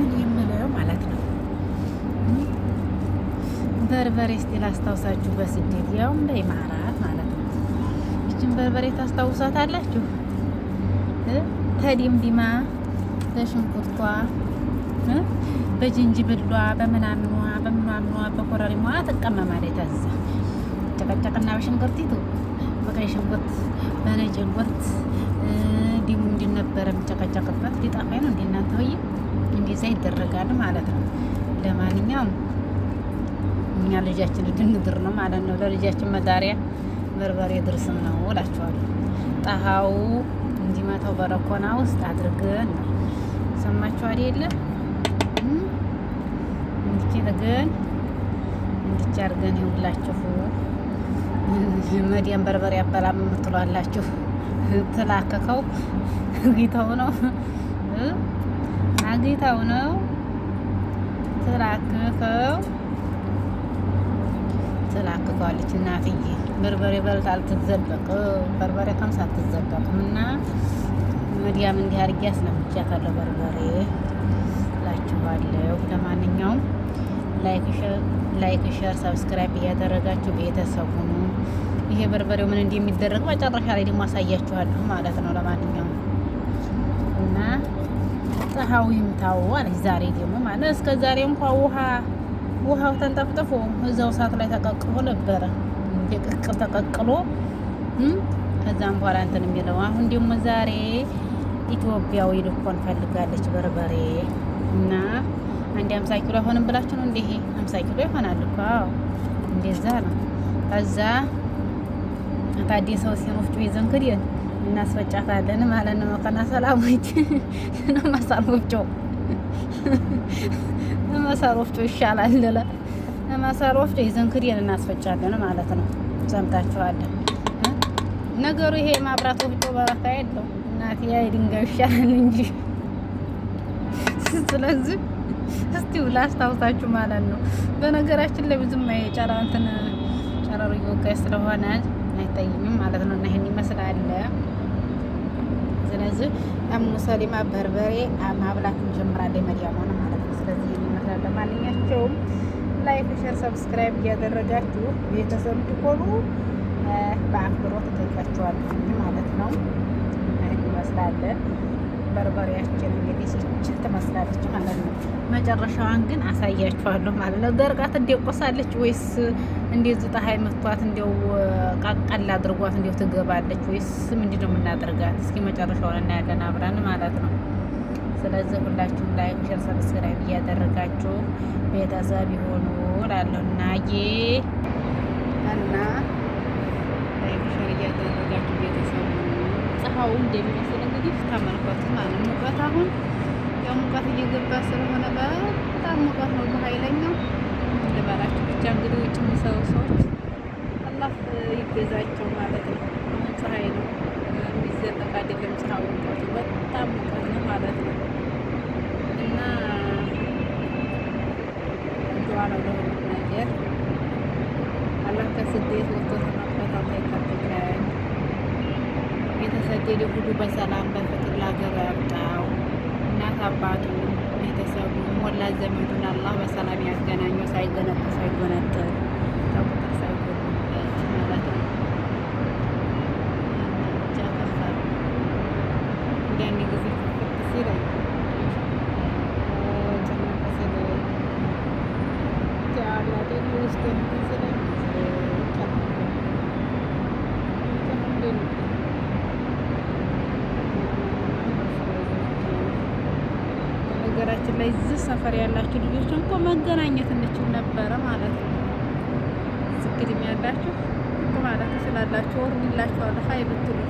ምን የምለው ማለት ነው። በርበሬ እስቲ ላስታውሳችሁ በስደት ያውም በኢማራት ማለት ነው። ይችን በርበሬ ታስታውሳታላችሁ? ተዲምዲማ በሽንኩርቷ፣ በጅንጅብሏ፣ በምናምኗ፣ በምናምኗ፣ በኮረሪሟ ትቀመማለች። ታዛ ጨቀጨቅና በሽንኩርቲቱ በቀይ ሽንኩርት በነጭ ሽንኩርት ዲሙ እንዲነበረ የሚጨቀጨቅበት ሊጠፋኝ ነው እንደዛ ይደረጋል ማለት ነው። ለማንኛውም እኛ ልጃችን ድንግድር ነው ማለት ነው። ለልጃችን መዳሪያ በርበሬ ድርስም ነው እላቸዋለሁ። ጣሃው እንዲመታው በረኮና ውስጥ አድርገን ነው ሰማችሁ አይደለ? እንዲቼ ግን እንዲቼ አድርገን ይውላችሁ። መዲያን በርበሬ አበላም የምትሏላችሁ ትላከከው ጌታው ነው እይታው ነው። ትላክከው ትላክከዋለች እናትዬ። በርበሬ በልጥ አልትዘለቅም በርበሬ ከምሳ አትዘለቅም እና መዲያም እንዲህ አድርጌ አስለምቻታለሁ። በርበሬ ላችኋለሁ። ለማንኛውም ላይክ፣ ሸር፣ ሰብስክራይብ እያደረጋችሁ ቤተሰብ ሁኑ። ይሄ በርበሬው ምን እንዲህ የሚደረግ መጨረሻ ላይ ደግሞ አሳያችኋለሁ ማለት ነው። ለማንኛውም እና ጥሃው ይምታው አለች። ዛሬ ደግሞ ማለት እስከ ዛሬ እንኳ ውሃ ውሃው ተንጠፍጥፎ እዛው እሳት ላይ ተቀቅሎ ነበረ የቅቅል ተቀቅሎ ከዛም በኋላ እንትን የሚለው አሁን ደግሞ ዛሬ ኢትዮጵያዊ ልኮን ፈልጋለች በርበሬ እና አንድ ሀምሳ ኪሎ አይሆንም ብላችሁ ነው እንዲህ ሀምሳ ኪሎ ይሆናል እኮ እንደዛ ነው። ከዛ ታዲያ ሰው ይዘን ክድን እናስፈጫታለን ማለት ነው። ከና ሰላም ወይት ለማሳር ወፍጮ ለማሳር ወፍጮ ይሻላል። ለለ ለማሳር ወፍጮ ይዘን እናስፈጫለን ማለት ነው። ሰምታችኋል ነገሩ ይሄ ማብራት ወፍጮ በረካ የለው እናቴ ያ ድንጋይ ይሻላል እንጂ ስለዚህ እስቲ ላስታውሳችሁ ማለት ነው። በነገራችን ላይ ብዙም እንትን ጨረሩ እየወጋኝ ስለሆነ አይታይኝም ማለት ነው። እና ይህን ይመስላል። ስለዚህ ሙሰሊማ በርበሬ ማብላት እንጀምራለን መዲያ ሆነ ማለት ነው። ስለዚህ ይህን ይመስላል። ለማንኛቸውም ላይክ፣ ሸር፣ ሰብስክራይብ እያደረጋችሁ ቤተሰብ እንዲሆኑ በአክብሮት እጠይቃችኋለሁ ማለት ነው። ይህን ይመስላል። በርበሬያችን እንግዲህ ሲች ትመስላለች ማለት ነው። መጨረሻዋን ግን አሳያችኋለሁ ማለት ነው። ደርቃት እንደቆሳለች ወይስ እንዴት ፀሐይ መቷት እንዲው ቃቃል አድርጓት እንዲው ትገባለች ወይስ ምንድን ነው የምናደርጋት? እስኪ መጨረሻውን እናያለን አብረን ማለት ነው። ስለዚህ ሁላችሁም ላይክ፣ ሼር፣ ሰብስክራይብ እያደረጋችሁ ቤተሰብ ይሆኑ እላለሁ እና ዬ እና ላይክ ሼር እያደረጋችሁ ቤተሰብ ፀሐዩ እንደሚመስል እንግዲህ ተመልከቱ ማለት ሙቀት አሁን ያው ሙቀት እየገባ ስለሆነ በጣም ሙቀት ነው በኃይለኛው ልበላችሁ። ብቻ እንግዲህ ውጭ የሚሰሩ ሰዎች አላህ ይገዛቸው ማለት ነው። አሁን ፀሐይ ነው የሚዘለቅ አይደለም ፀሐዩ፣ ሙቀቱ በጣም ሙቀት ነው ማለት ነው እና እንዲዋ ለሆነ የተሰደደ ሁሉ በሰላም በፍቅር ለሀገር ያብቃው። እናት ቤተሰቡ ሞላ ወላጅ ዘመዱን አላህ በሰላም ያገናኘው ሳይገነጠል ሳይጎነጠል በነገራችን ላይ እዚህ ሰፈር ያላችሁ ልጆች እንኳ መገናኘት እንችል ነበረ ማለት ነው። ዝግድም ያላችሁ ማለት ስላላችሁ ወርድላችኋለሁ ሀይ ብትሉ